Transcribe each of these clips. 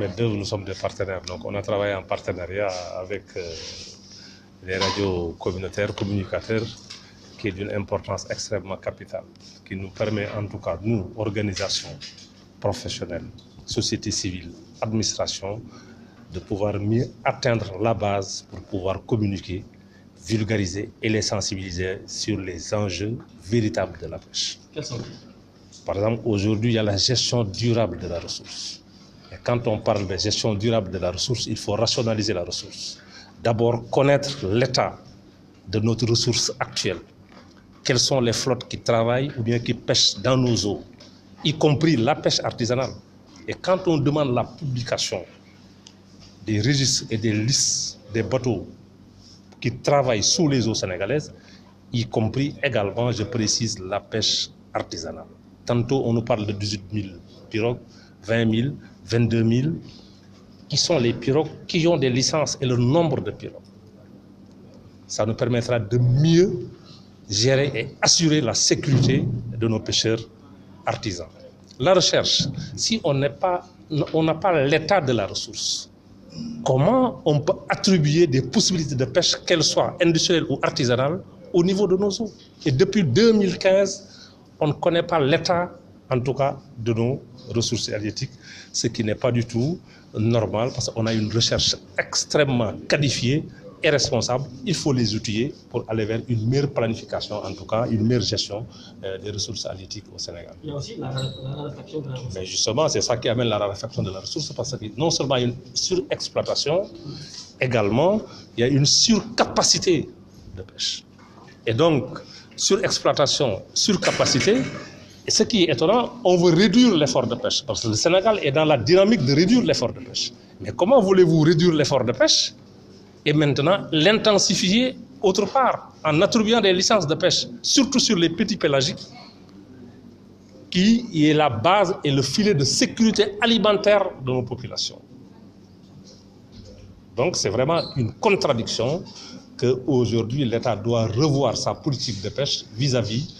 Mais nous sommes des partenaires. Donc, on a travaillé en partenariat avec euh, les radios communautaires, communicateurs, qui est d'une importance extrêmement capitale, qui nous permet, en tout cas, nous, organisations professionnelles, sociétés civiles, administration, de pouvoir mieux atteindre la base pour pouvoir communiquer, vulgariser et les sensibiliser sur les enjeux véritables de la pêche. Quels sont Par exemple, aujourd'hui, il y a la gestion durable de la ressource quand on parle de gestion durable de la ressource, il faut rationaliser la ressource. D'abord, connaître l'état de notre ressource actuelle. Quelles sont les flottes qui travaillent ou bien qui pêchent dans nos eaux, y compris la pêche artisanale. Et quand on demande la publication des registres et des listes des bateaux qui travaillent sous les eaux sénégalaises, y compris également, je précise, la pêche artisanale. Tantôt, on nous parle de 18 000 pirogues, 20 000, 22 000, qui sont les pirogues qui ont des licences et le nombre de pirogues. Ça nous permettra de mieux gérer et assurer la sécurité de nos pêcheurs artisans. La recherche, si on on n'a pas l'état de la ressource, comment on peut attribuer des possibilités de pêche, qu'elles soient industrielles ou artisanales, au niveau de nos eaux Et depuis 2015, on ne connaît pas l'état en tout cas de nos ressources halieutiques, ce qui n'est pas du tout normal parce qu'on a une recherche extrêmement qualifiée et responsable. Il faut les outiller pour aller vers une meilleure planification, en tout cas une meilleure gestion euh, des ressources halieutiques au Sénégal. Il y a aussi la, raréfaction de la ressource. Mais ben, justement, c'est ça qui amène la raréfaction de la ressource parce que non seulement il y a une surexploitation, également il y a une surcapacité de pêche. Et donc, surexploitation, surcapacité, et ce qui est étonnant, on veut réduire l'effort de pêche, parce que le Sénégal est dans la dynamique de réduire l'effort de pêche. Mais comment voulez-vous réduire l'effort de pêche et maintenant l'intensifier autre part, en attribuant des licences de pêche, surtout sur les petits pélagiques, qui est la base et le filet de sécurité alimentaire de nos populations. Donc c'est vraiment une contradiction qu'aujourd'hui l'État doit revoir sa politique de pêche vis-à-vis vis à vis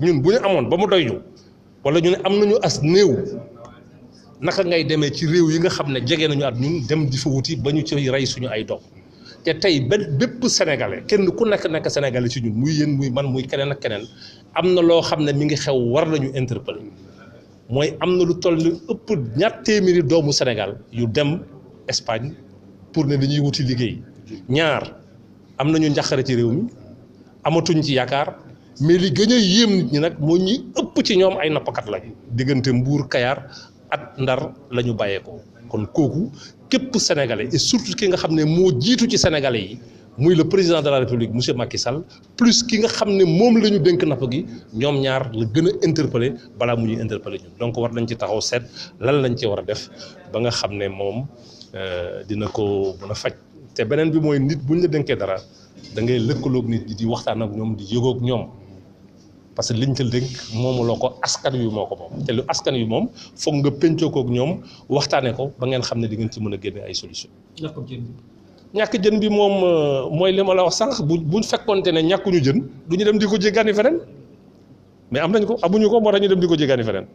ñun bu ñu amoon ba mu doy ñu wala ñu ne am nañu as néew naka ngay demee ci réew yi nga xam ne jege nañu at ñun dem di fa wuti ba ñu ci rey suñu ay doom te tey ba bépp sénégalais kenn ku nekk nekk sénégalais ci ñun muy yéen muy man muy keneen ak keneen am na loo xam ne mi ngi xew war nañu interpeller mooy am na lu toll ni ëpp ñaar téeméeri doomu Sénégal yu dem Espagne pour ne dañuy wuti liggéey ñaar am nañu njaqare ci réew mi amatuñ ci yaakaar. mais li gëna yëm nit ñi nak mo ñi ëpp ci ñom ay napakat lañ digënté mbuur kayar at ndar lañu bayé ko kon koku képp sénégalais et surtout ki nga xamné mo jitu ci sénégalais yi muy le président de la république monsieur Macky Sall plus ki nga xamné mom lañu dënk ñu gi ñom ñaar la gëna interpeller bala mu ñu interpeller ñu donc war nañ ci taxaw lan lañ ci war def ba nga xamné mom euh dina ko mëna a té benen bi moy nit buñ la dénkee dara da ngay lekkolok nit di waxtan ak ñom di yëgoog ñom parce que liñ ca dénk moomuloo ko askan wi moo ko moom te lu askan wi moom foog nga pencoo kook ñoom waxtaanee ko ba ngeen xam ne di ngeen ci mën a génne ay solution ñàkk jën bi moom euh, mooy li ma la wax sànq bu bu fekkonte ne ñàkkuñu jën du ñu dem di ko jéggaani feneen mais am nañ ko amuñu ko moo tax ñu dem di ko jéggaani feneen